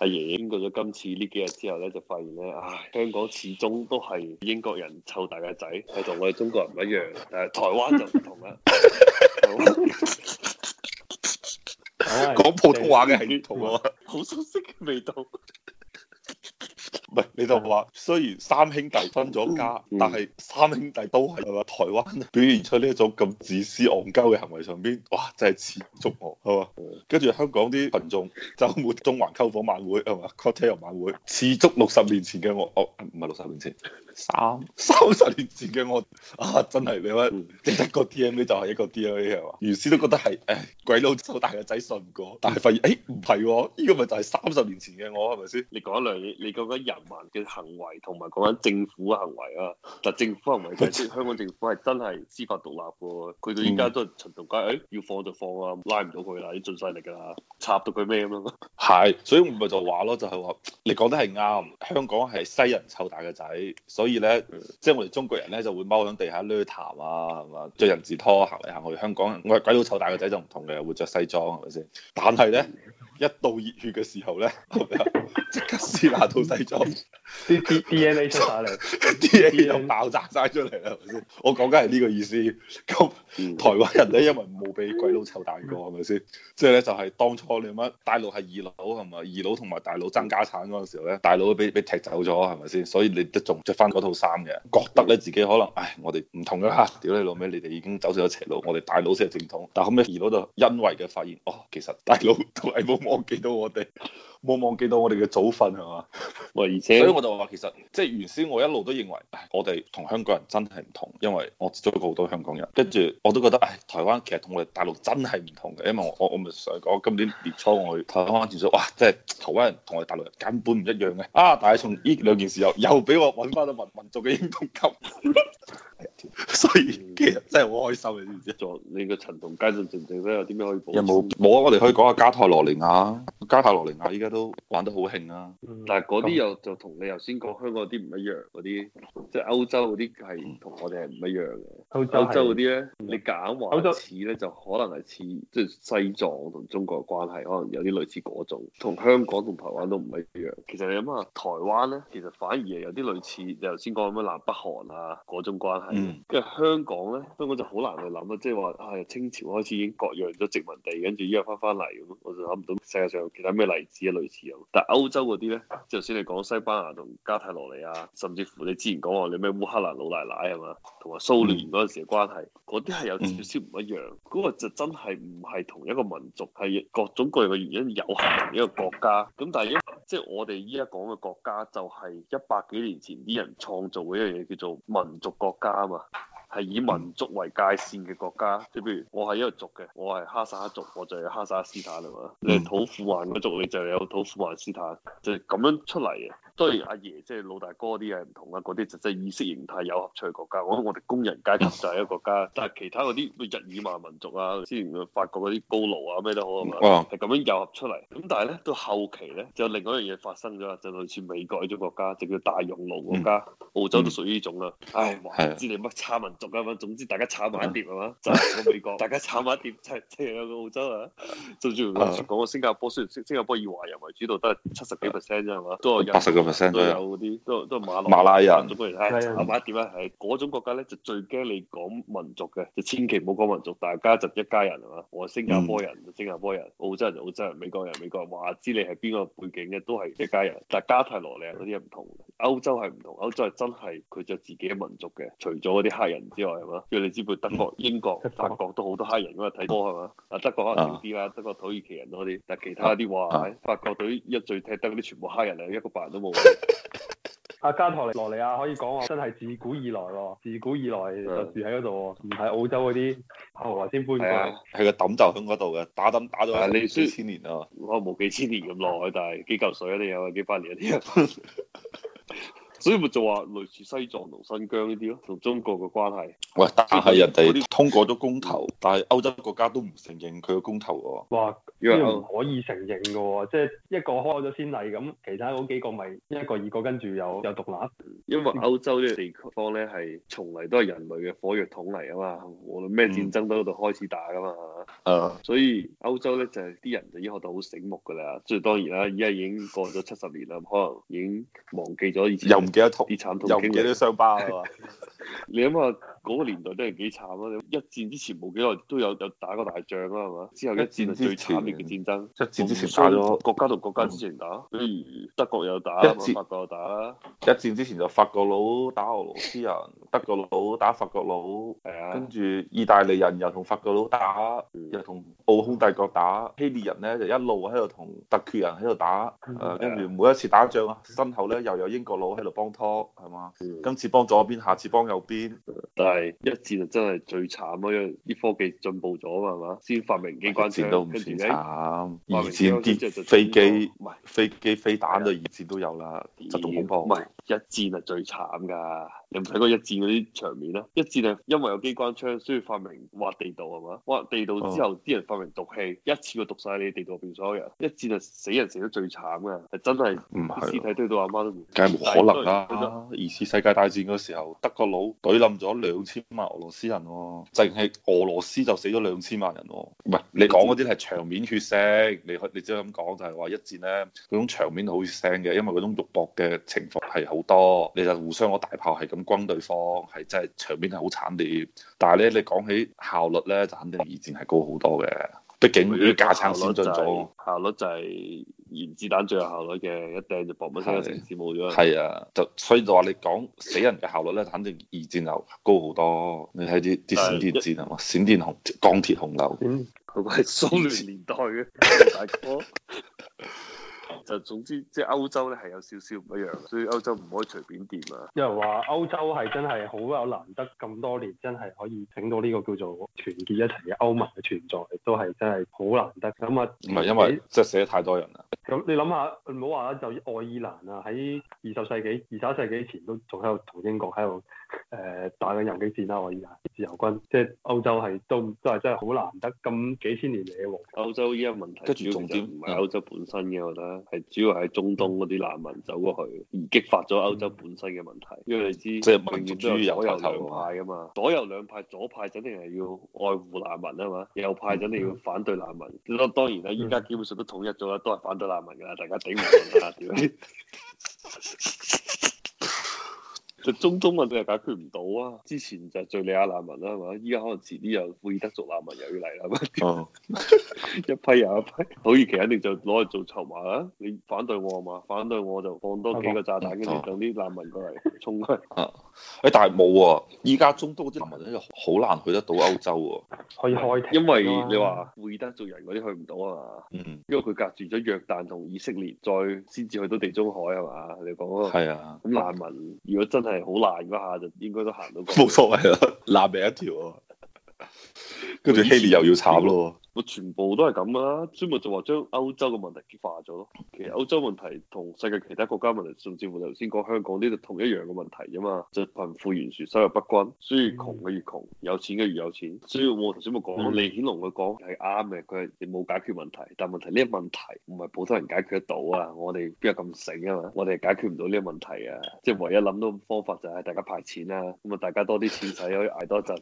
阿爺爺經過咗今次呢幾日之後咧，就發現咧，唉，香港始終都係英國人湊大嘅仔，係同我哋中國人唔一樣，誒，台灣就唔同啦。講普通話嘅係呢套啊，好熟悉嘅味道。喂你就話，雖然三兄弟分咗家，但係三兄弟都係話台灣表現出呢一種咁自私、戇鳩嘅行為上邊，哇真係似足！係嘛？跟住香港啲群眾週末中環篝火晚會係嘛？cocktail 晚會似足六十年前嘅我，哦唔係六十年前，三三十年前嘅我啊，真係你即話，一個 D M A 就係一個 D M A 係嘛？原先都覺得係誒鬼佬好大個仔信唔過，但係發現誒唔係，呢個咪就係三十年前嘅我係咪先？你講一兩，你你講緊人嘅行為同埋講緊政府嘅行為啊，但政府行為就係即係香港政府係真係司法獨立嘅，佢到依家都係巡同街，誒、哎、要放就放啊，拉唔到佢啦，啲盡晒力㗎啦，插到佢咩咁樣。係，所以我咪就話咯，就係話你講得係啱，香港係西人湊大嘅仔，所以咧，的即係我哋中國人咧就會踎喺地下攣痰啊，係嘛？着人字拖行嚟行去。香港我係鬼佬湊大嘅仔就唔同嘅，會着西裝係咪先？但係咧。一到熱血嘅時候咧，即 刻撕爛套西裝。啲啲 D, D N A 出晒嚟 ，D, D N A 又爆炸晒出嚟啦，係咪先？我講緊係呢個意思。咁台灣人咧，因為冇俾鬼佬臭大過，係咪先？即係咧，就係、是、當初你乜大佬係二佬係嘛？二佬同埋大佬爭家產嗰陣時候咧，大佬俾俾踢走咗，係咪先？所以你都仲着翻嗰套衫嘅，覺得咧自己可能唉，我哋唔同嘅。啦，屌你老尾，你哋已經走咗一邪路，我哋大佬先係正統。但係後屘二佬就欣慰嘅發現，哦，其實大佬都係冇忘記到我哋，冇忘記到我哋嘅祖訓係嘛？喂，而且。其實即係原先我一路都認為，我哋同香港人真係唔同，因為我接觸過好多香港人，跟住我都覺得，唉，台灣其實同我哋大陸真係唔同嘅，因為我我我咪想講今年年初我去台灣住宿，哇，即係台灣人同我哋大陸人根本唔一樣嘅，啊，但係從呢兩件事又又俾我揾翻咗民民族嘅認同感。 所以其實真係好開心，你知唔知？作你個陳同佳仲正唔正咧？有啲咩可以補？有冇冇啊？我哋可以講下加泰羅尼亞，加泰羅尼亞依家都玩得好興啊！嗯、但係嗰啲又就同你頭先講香港啲唔一樣嗰啲，即係歐洲嗰啲係同我哋係唔一樣嘅。歐洲嗰啲咧，你簡化似咧就可能係似洲即係西藏同中國嘅關係，可能有啲類似嗰種。同香港同台灣都唔一樣。其實你諗下，台灣咧其實反而係有啲類似你頭先講咁樣南北韓啊嗰種關係。跟住、嗯、香港咧，香港就好難去諗啊，即係話啊清朝開始已經割讓咗殖民地，跟住依家翻翻嚟，咁我就諗唔到世界上有其他咩例子啊類似有。但係歐洲嗰啲咧，頭先你講西班牙同加泰羅尼亞，甚至乎你之前講話你咩烏克蘭老奶奶係嘛，同埋蘇聯、嗯嗰陣時嘅關係，嗰啲係有少少唔一樣。嗰、嗯、個就真係唔係同一個民族，係各種各樣嘅原因形成一個國家。咁但係因為即係、就是、我哋依家講嘅國家，就係一百幾年前啲人創造一樣嘢叫做民族國家啊嘛，係以民族為界線嘅國家。即係譬如我係一個族嘅，我係哈薩克族，我就係哈薩克斯坦啦。你係土庫曼嗰族，你就有土庫曼斯坦，就係、是、咁樣出嚟嘅。所以，阿爺，爺即係老大哥啲係唔同啊。嗰啲就即係意識形態糅合出嚟嘅國家。我諗我哋工人階級就係一個國家，但係其他嗰啲日耳曼民族啊，之前個法國嗰啲高盧啊咩都好係嘛，係咁樣糅合出嚟。咁但係咧，到後期咧，就另外一樣嘢發生咗啦，就類似美國呢種國家，就叫大熔爐國家。嗯、澳洲都屬於呢種啦。唉、嗯，唔、嗯哎、的知你乜差民族啊？總之大家炒埋一碟係嘛，就係個美國， 大家炒埋一碟，即係即係個澳洲啊。甚至唔講個新加坡，雖然新加坡以華人為主導，得七十幾 percent 啫係嘛，都話八十咁。的都有嗰啲，都都馬，馬拉人咁種睇係嘛，點樣，係嗰種國家咧就最驚你講民族嘅，就千祈唔好講民族，大家就一家人係嘛？我係新加坡人，嗯、新加坡人，澳洲人就澳洲人，美國人美國人，話知你係邊個背景嘅都係一家人，但係加泰羅尼亞嗰啲唔同，歐洲係唔同，歐洲係真係佢就自己嘅民族嘅，除咗嗰啲黑人之外係嘛？因為你知唔知？德國、英國、法國都好多黑人咁嚟睇波係嘛？啊德國可能少啲啦，啊、德國土耳其人多啲，但係其他啲話，啊啊啊、法國隊一最踢得嗰啲全部黑人啊，一個白人都冇。阿 加泰羅尼亞可以講話真係自古以來喎，自古以來就住喺嗰度，唔係澳洲嗰啲後來先搬噶。係個抌就喺嗰度嘅，打抌打到咗幾千年咯。我冇幾千年咁耐，但係幾舊水你有，幾百年啲。所以咪就話類似西藏同新疆呢啲咯，同中國嘅關係。喂，但係人哋通過咗公投，但係歐洲國家都唔承認佢嘅公投喎。哇，因為唔可以承認嘅喎，嗯、即係一個開咗先例，咁其他嗰幾個咪一個二個跟住有又獨立。因為歐洲呢個地方咧係從嚟都係人類嘅火藥桶嚟啊嘛，無論咩戰爭都喺度開始打噶嘛。啊、嗯。所以歐洲咧就係、是、啲人就已經學到好醒目㗎啦，即係當然啦，而家已經過咗七十年啦，可能已經忘記咗以前。 唔記得痛，越殘痛，又唔記得傷疤啊嘛？ 你諗下嗰個年代都係幾慘啊！你一戰之前冇幾耐都有有打過大仗啊係嘛？之後一戰最慘烈嘅戰爭。一戰，一戰之前打咗國家同國家之前打，嗯、比如德國又打，戰法國又打。一戰之前就法國佬打俄羅斯人。德國佬打法國佬，跟住意大利人又同法國佬打，又同奧匈帝國打，希臘人咧就一路喺度同突厥人喺度打，誒跟住每一次打仗啊，身後咧又有英國佬喺度幫拖，係嘛？今次幫左邊，下次幫右邊，但係一戰就真係最慘啊，因為啲科技進步咗嘛，係嘛？先發明機關槍，一戰都唔算慘，二戰啲飛機、飛機飛彈都二戰都有啦，就仲恐怖。唔係一戰係最慘㗎。你唔睇過一戰嗰啲場面啦？一戰係因為有機關槍，需要發明挖地道係嘛？挖地道之後，啲、oh. 人發明毒氣，一次過毒晒你地道入邊所有人。一戰係死人死得最慘嘅，係真係屍體堆到阿媽都唔計，梗係冇可能啦。是啊、二次世界大戰嗰時候，德國佬懟冧咗兩千萬俄羅斯人喎、啊，淨係俄羅斯就死咗兩千萬人喎、啊。唔係戰你講嗰啲係場面血腥，你你只係咁講就係、是、話一戰咧嗰種場面好血腥嘅，因為嗰種肉搏嘅情況係好多，你就互相攞大炮係咁。攻對方係真係場面係好慘烈，但係咧你講起效率咧就肯定二戰係高好多嘅，畢竟啲架撐先進咗。效率就係原子彈最有效率嘅，一掟就博乜黑城市冇咗。係啊，就所以就話你講死人嘅效率咧，肯定二戰就高好多。你睇啲啲閃電戰啊嘛，閃是電紅鋼鐵洪流，佢個係蘇聯年代嘅大哥。嗯戰 誒總之，即係歐洲咧係有少少唔一樣，所以歐洲唔可以隨便掂啊！因為話歐洲係真係好有難得，咁多年真係可以整到呢個叫做團結一齊嘅歐盟嘅存在，都係真係好難得。咁啊，唔係因為你即係死得太多人啦。咁你諗下，唔好話就愛爾蘭啊，喺二十世紀、二十一世紀以前都仲喺度同英國喺度誒打緊游擊戰啦，愛爾蘭自由軍，即係歐洲係都都係真係好難得，咁幾千年嚟嘅。歐洲依家問題，即係重點唔係歐洲本身嘅，我覺得。主要係中東嗰啲難民走過去，而激發咗歐洲本身嘅問題。因為你知，即係民主有左右兩派啊嘛。左右兩派，左派肯定係要愛護難民啊嘛，右派肯定要反對難民。咁當然啦，依家基本上都統一咗啦，都係反對難民㗎啦，大家頂唔順啦，屌！ 中東問題解決唔到啊！之前就敘利亞難民啦，係嘛？依家可能遲啲又庫爾德族難民又要嚟啦， 一批又一批。土耳其肯定就攞嚟做籌碼啦。你反對我啊嘛？反對我就放多幾個炸彈，跟住吧等啲難民過嚟衝去啊！誒，但係冇依家中東啲難民咧，就好難去得到歐洲喎、啊。可以開艇、啊、因為你話庫爾德族人嗰啲去唔到啊嘛。嗯、因為佢隔住咗約旦同以色列，再先至去到地中海係、啊、嘛？你講啊，係啊。咁難民如果真係好爛嗰下就應該都行到過去，冇所謂啦，爛命一條、啊。 跟住希利又要慘咯。我全部都係咁啊！朱木就話將歐洲嘅問題激化咗咯。其實歐洲問題同世界其他國家問題，甚至乎頭先講香港呢度同一樣嘅問題啫嘛。就貧富懸殊、收入不均，所以窮嘅越窮，有錢嘅越，越有錢。所以我頭先咪講李顯龍佢講係啱嘅，佢係冇解決問題。但問題呢個問題唔係普通人解決得到啊！我哋邊有咁醒啊嘛？我哋解決唔到呢個問題啊！即係唯一諗到方法就係大家派錢啊。咁啊大家多啲錢使可以挨多陣。